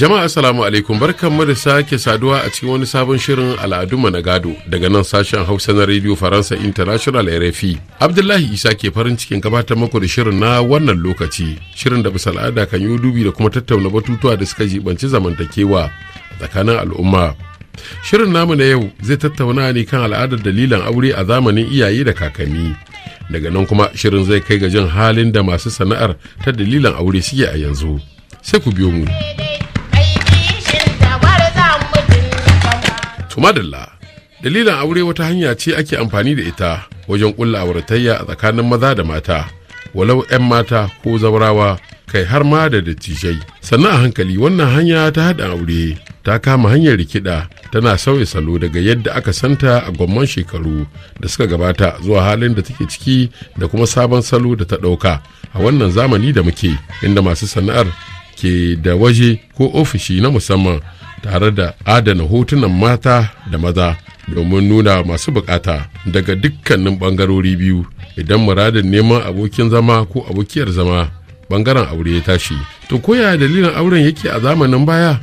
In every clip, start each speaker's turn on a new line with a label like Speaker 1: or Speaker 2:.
Speaker 1: Jama'a assalamu alaikum barkanmu da sake saduwa a cikin wani sabon shirin al'adunmu na gado daga nan sashen Hausa na Radio Faransa International RFI. Abdullahi Isa ke farin cikin gabatar muku da shirin na wannan lokaci. Shirin da bisa al'ada kan yi dubi da kuma tattauna batutuwa da suka jibanci zamantakewa tsakanin al'umma. Shirin namu na yau zai tattauna ne kan al'adar dalilan aure a zamanin iyaye da kakanni. Daga nan kuma shirin zai kai ga jin halin da masu sana'ar ta dalilan aure suke a yanzu. Sai ku biyo mu. madalla dalilan aure wata hanya ce ake amfani da ita wajen kulla auratayya a tsakanin maza da mata walau 'yan mata ko zaurawa kai har ma da dattijai sannan a hankali wannan hanya ta haɗa aure ta kama hanyar rikida tana sauya salo daga yadda aka santa a gwamman shekaru da suka gabata zuwa halin da take ciki da kuma sabon salo da ta ɗauka a wannan zamani da muke inda masu sana'ar ke da waje ko ofishi na musamman tare da adana hotunan mata da maza domin nuna masu bukata daga dukkanin bangarori biyu idan muradin neman abokin zama ko abokiyar zama bangaren aure ya tashi to koya dalilin auren yake a zamanin baya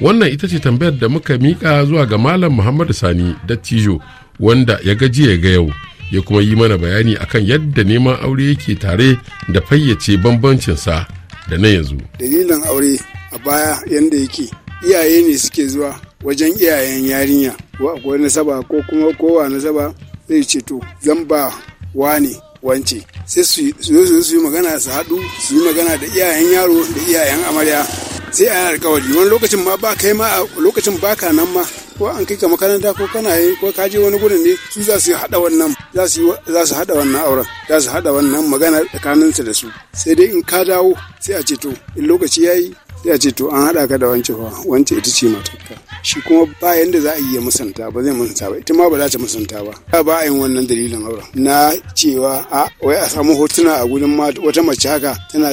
Speaker 1: wannan ita ce tambayar da muka mika zuwa ga malam muhammadu sani dattijo wanda ya gaji ya ga yau ya kuma yi mana bayani akan yadda neman aure yake tare da fayyace bambancinsa da na yanzu
Speaker 2: dalilin aure a baya yadda yake iyaye ne suke zuwa wajen iyayen yarinya ko nasaba ko kuma kowa nasaba zai ce to zan ba wane wance sai su yi magana su haɗu su yi magana da iyayen yaro da iyayen amarya sai a alkawari wani lokacin ma ba kai ma lokacin baka nan ma ko an kai ka makaranta ko kana yi ko ka je wani gurin ne su za su haɗa wannan za su haɗa wannan auren za su haɗa wannan magana tsakaninsu da su sai dai in ka dawo sai a ce to in lokaci ya yi. sai a ce to an haɗa ka da wance fa wance ita ce matarka shi kuma ba yanda za a iya musanta ba zai musanta ba ita ma ba za ta musanta ba ba a yin wannan dalilin auren na cewa a wai a samu hotuna a gudun wata mace haka tana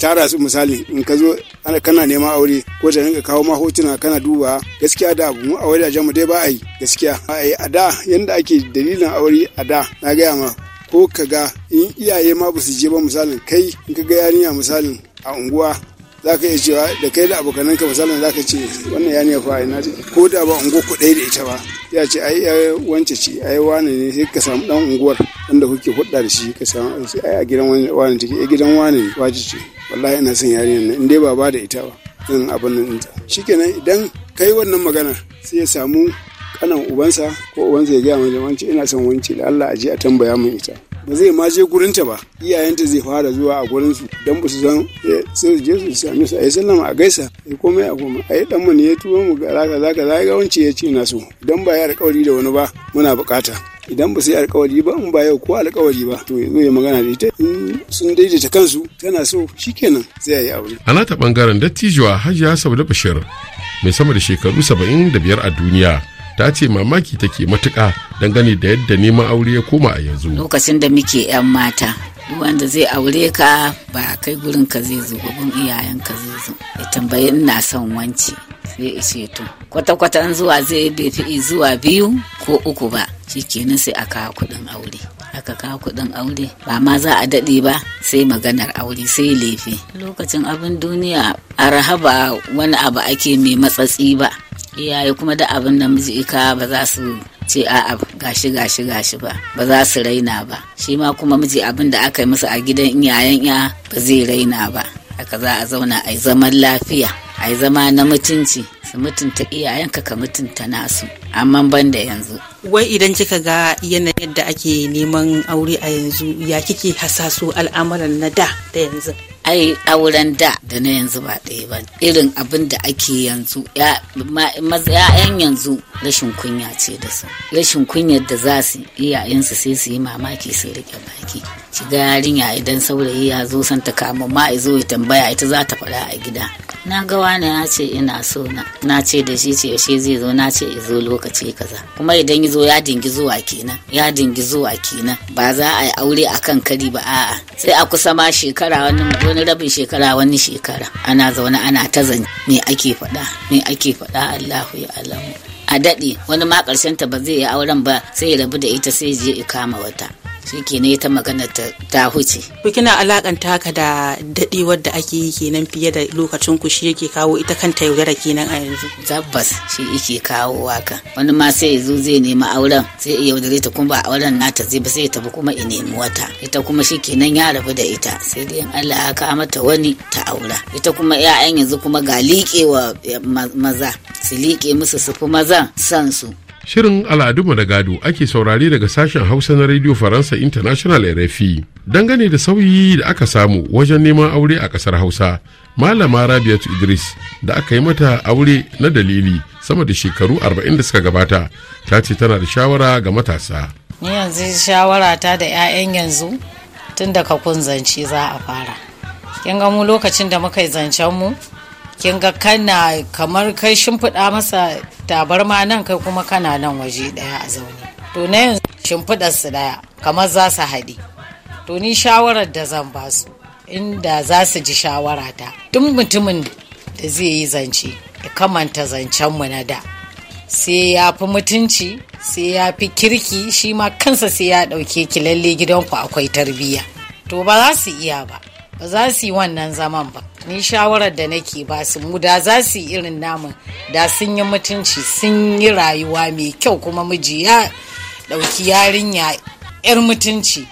Speaker 2: tara su misali in ka zo kana neman aure ko ta rinka kawo ma hotuna kana duba gaskiya da abu a wajen mu dai ba a yi gaskiya a yi a da yanda ake dalilin aure a da na gaya ma ko ka ga in iyaye ma ba su je ba misalin kai in ka ga yarinya misalin a unguwa za ka iya cewa da kai da abokananka misalin za ka ce wannan ya ne fa ina ce? ko da ba ungo ku ɗaya da ita ba ya ce ai wance ce ai wani ne sai ka samu dan unguwar wanda kuke hudda da shi ka samu ai a gidan wani take ai eh, gidan wani ne wace ce wallahi ina son yarinyar nan in dai ba ba da ita ba in abin nan shikenan idan kai wannan magana sai ya samu kanan ubansa ko ubansa ya gaya mai wance ina son wance da Allah aje a tambaya min ita ba zai ma je gurinta ba iyayenta zai fara zuwa a gurin su dan ba su eh, sai su je su sami su ayi sallama a gaisa ai komai a goma ai dan mu ne ya tuwo mu ga zaka zaka zai ga wance ya ce na so dan ba ya alƙawari da wani ba muna bukata idan ba su yi alkawari ba in ba yau ko alƙawari ba to yanzu ya magana da ita in sun daidaita kansu tana so shikenan sai yi aure.
Speaker 1: a nata bangaren dattijuwa hajiya sabda bashir mai sama da shekaru saba'in da biyar a duniya ta ce mamaki take matuka dangane da yadda neman aure ya koma a yanzu
Speaker 3: lokacin da muke 'yan mata wanda zai aure ka ba kai gurin ka zai zo gurin iyayen ka zai zo ya tambayi ina son wance sai ishe to kwata-kwata zuwa zai bai fi zuwa biyu ko uku ba shikenan sai a kawo kuɗin aure aka kawo kuɗin aure ba ma za a daɗe ba sai maganar aure sai lefe lokacin abin duniya a rahaba wani abu ake mai matsatsi ba iyaye kuma da abin da miji ika ba za su ce a'a gashi gashi gashi ba ba za su raina ba shi ma kuma miji abin da aka yi musu a gidan iyayen ya ba zai raina ba haka za a zauna a zaman lafiya a zama na mutunci su mutunta iyayenka ka mutunta nasu amma ban da yanzu wai idan kika ga yanayin yadda ake neman aure a yanzu ya kike hasaso al'amuran na da da yanzu ai auren da da na yanzu ba ɗaya ba irin abin da ake yanzu ya'yan yanzu rashin kunya ce da su rashin kunyar da za su iyayensu sai su yi mamaki su rike baki shiga yarinya idan saurayi ya zo santa kama ma a zo ya tambaya ita za ta faɗa a gida na ga wani ya ce ina so na ce da shi ce yaushe zai zo na ce ya zo lokaci kaza kuma idan ya zo ya dingi zuwa kenan ya dingi zuwa kenan ba za a yi aure a kan kari ba a'a sai a kusa ma shekara wani wani rabin shekara wani shekara ana zaune ana ta zan me ake faɗa me ake faɗa Allahu ya alamu a daɗe wani ma ƙarshen ta ba zai yi auren ba sai ya rabu da ita sai je ya kama wata shi kenan ta magana ta ta huce. Ku kina alakanta haka da daɗi wadda ake yi kenan fiye da lokacin ku shi yake kawo ita kanta yaudara kenan a yanzu. Tabbas shi yake kawo haka. Wani ma sai ya zo zai nemi auren sai ya yaudare ta kuma ba auren nata zai ba sai ya tafi kuma ya nemi wata. Ita kuma shi kenan ya rabu da ita sai dai in Allah ya kawo mata wani ta aura. Ita kuma 'ya'yan yanzu kuma ga liƙewa eh, maza su liƙe musu su fi mazan san su.
Speaker 1: Shirin al'adunmu da gado ake saurari daga sashen Hausa na Radio Faransa International RFI. Dangane da sauyi da aka samu wajen neman aure a ƙasar Hausa, Malama Rabiatu Idris da aka yi mata aure na dalili sama da shekaru 40 da suka gabata, ta ce tana da shawara ga matasa.
Speaker 3: Ni yanzu shawara ta da 'ya'yan yanzu tun daga kun zance za a fara. Kin ga mu lokacin da muka yi zancen mu, kin ga kana kamar kai shimfiɗa masa tabarma nan kai kuma kana nan waje ɗaya a zaune to na yanzu shimfiɗar su ɗaya kamar za su haɗe to ni shawarar da zan ba su inda za su ji shawara ta. duk mutumin da zai yi zance ya kamanta mu na da sai ya fi mutunci sai ya fi kirki shi ma kansa sai ya ɗauke ki lalle gidanku akwai tarbiyya to ba za su iya ba ba za su yi wannan zaman ba ni shawarar da nake ba su mu da za su yi irin namun da sun yi mutunci sun yi rayuwa mai kyau kuma miji ya ɗauki yarinya 'yar mutunci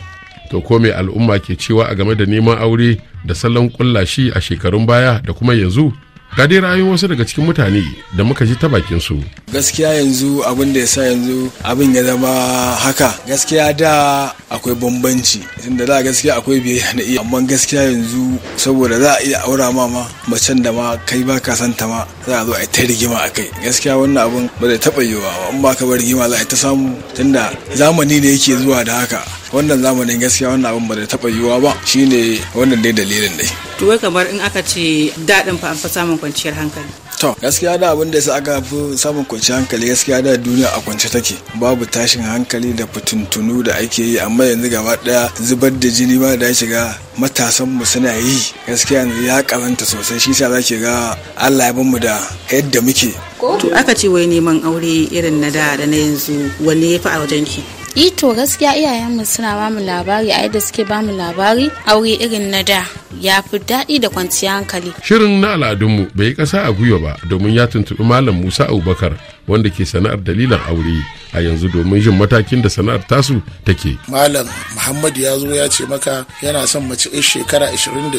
Speaker 1: to ko me al'umma ke cewa a game da neman aure da salon kullashi a shekarun baya da kuma yanzu ga dai ra'ayoyin wasu daga cikin mutane da muka ji ta bakin su
Speaker 2: gaskiya yanzu abin da ya yanzu abin ya zama haka gaskiya da akwai bambanci tunda da gaskiya akwai biyayya na iya amma gaskiya yanzu saboda za a iya aura ma ma macen da ma kai ba ka san ta ma za a zo a ta rigima a kai gaskiya wannan abin ba zai taɓa yiwa ba amma ka ba rigima za a ta samu tunda zamani ne yake zuwa da haka wannan zamanin gaskiya wannan abin ba zai taɓa yiwa ba shine wannan dai dalilin dai
Speaker 3: to wai kamar in aka ce daɗin fa an fi samun kwanciyar hankali
Speaker 2: to gaskiya da abin da sa aka fi samun kwanciyar hankali gaskiya da duniya a kwance take babu tashin hankali da fitintunu da ake yi amma yanzu gaba daya zubar da jini ba da shiga matasan mu suna yi gaskiya yanzu ya karanta sosai shi sa zaki ga Allah ya bin mu da yadda muke to
Speaker 3: aka ce wai neman aure irin na da da na yanzu wanne ya fi a wajen ki ito gaskiya iyayenmu suna bamu labari a yadda suke bamu labari aure irin na da ya fi daɗi da kwanciyar hankali
Speaker 1: shirin na al'adunmu bai yi ƙasa a gwiwa ba domin ya tuntuɓi malam musa abubakar wanda ke sana'ar dalilan aure a yanzu domin jin matakin da sana'ar tasu take.
Speaker 4: Malam muhammad ya zo ya ce maka yana son mace yar shekara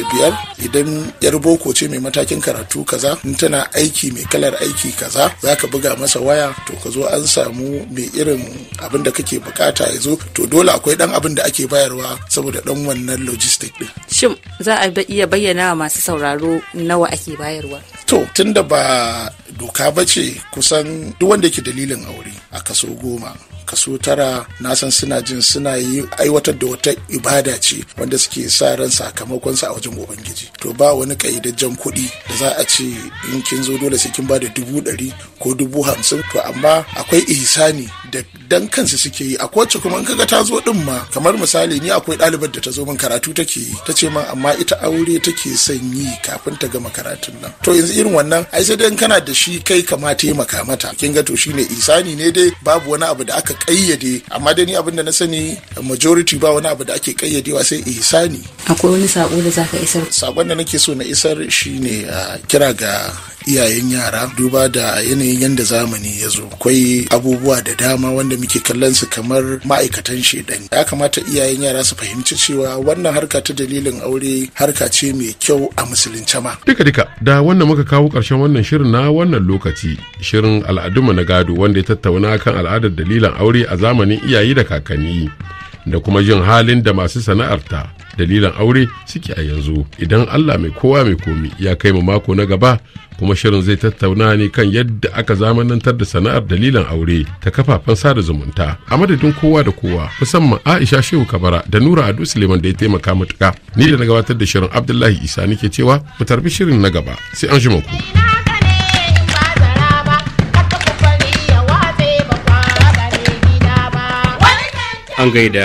Speaker 4: biyar idan yar boko ce mai matakin karatu kaza in tana aiki mai kalar aiki kaza za ka buga masa waya to ka zo an samu mai irin abin da kake bukata ya zo to dole akwai dan abin da ake bayarwa saboda dan wannan logistic din.
Speaker 1: Shin za a iya bayyana
Speaker 3: masu sauraro nawa ake bayarwa?
Speaker 4: To tunda ba doka ba ce kusan duk wanda yake dalilin aure a kaso goma kaso tara na san suna jin suna yi aiwatar da wata ibada ce wanda suke sa ran sakamakonsa a wajen ubangiji to ba wani ƙayyadajjen kuɗi da za a ce in kin zo dole sai kin ba da dubu ɗari ko dubu hamsin to amma akwai ihsani da dan kansu suke yi a kowace kuma in kaga ta zo din ma kamar misali ni akwai ɗalibar da ta zo min karatu take yi ta ce min amma ita aure take son yi kafin ta gama karatun nan to yanzu irin wannan ai sai dai kana da shi kai kama taimaka mata kin ga to shine ihsani ne dai babu wani abu da aka kayyade amma dai ni abin da na sani majority ba wani abu da ake kayyadewa sai ihsani akwai wani sako da zaka isar sakon da nake so na isar shine ah, kira ga iyayen yara duba da yanayin yadda zamani ya zo akwai abubuwa da dama wanda muke kallon su kamar ma'aikatan shedan ya kamata iyayen yara su fahimci cewa wannan harka ta dalilin aure harka ce mai kyau a musulunce ma
Speaker 1: duka duka da wannan muka kawo karshen wannan shirin na wannan lokaci shirin al'adu na gado wanda ya tattauna kan al'adar dalilan aure a zamanin iyaye da kakanni da kuma jin halin da masu sana'arta dalilan aure suke a yanzu idan allah mai kowa mai komi ya kai mu mako na gaba kuma shirin zai tattauna ne kan yadda aka zamanantar da sana'ar dalilan aure ta kafafen sada zumunta a madadin kowa da kowa musamman aisha shehu kabara da nura adu suleiman da ya taimaka matuka ni da na gabatar da shirin abdullahi isa nake cewa mu tarbi shirin na gaba sai an jima ku. an gaida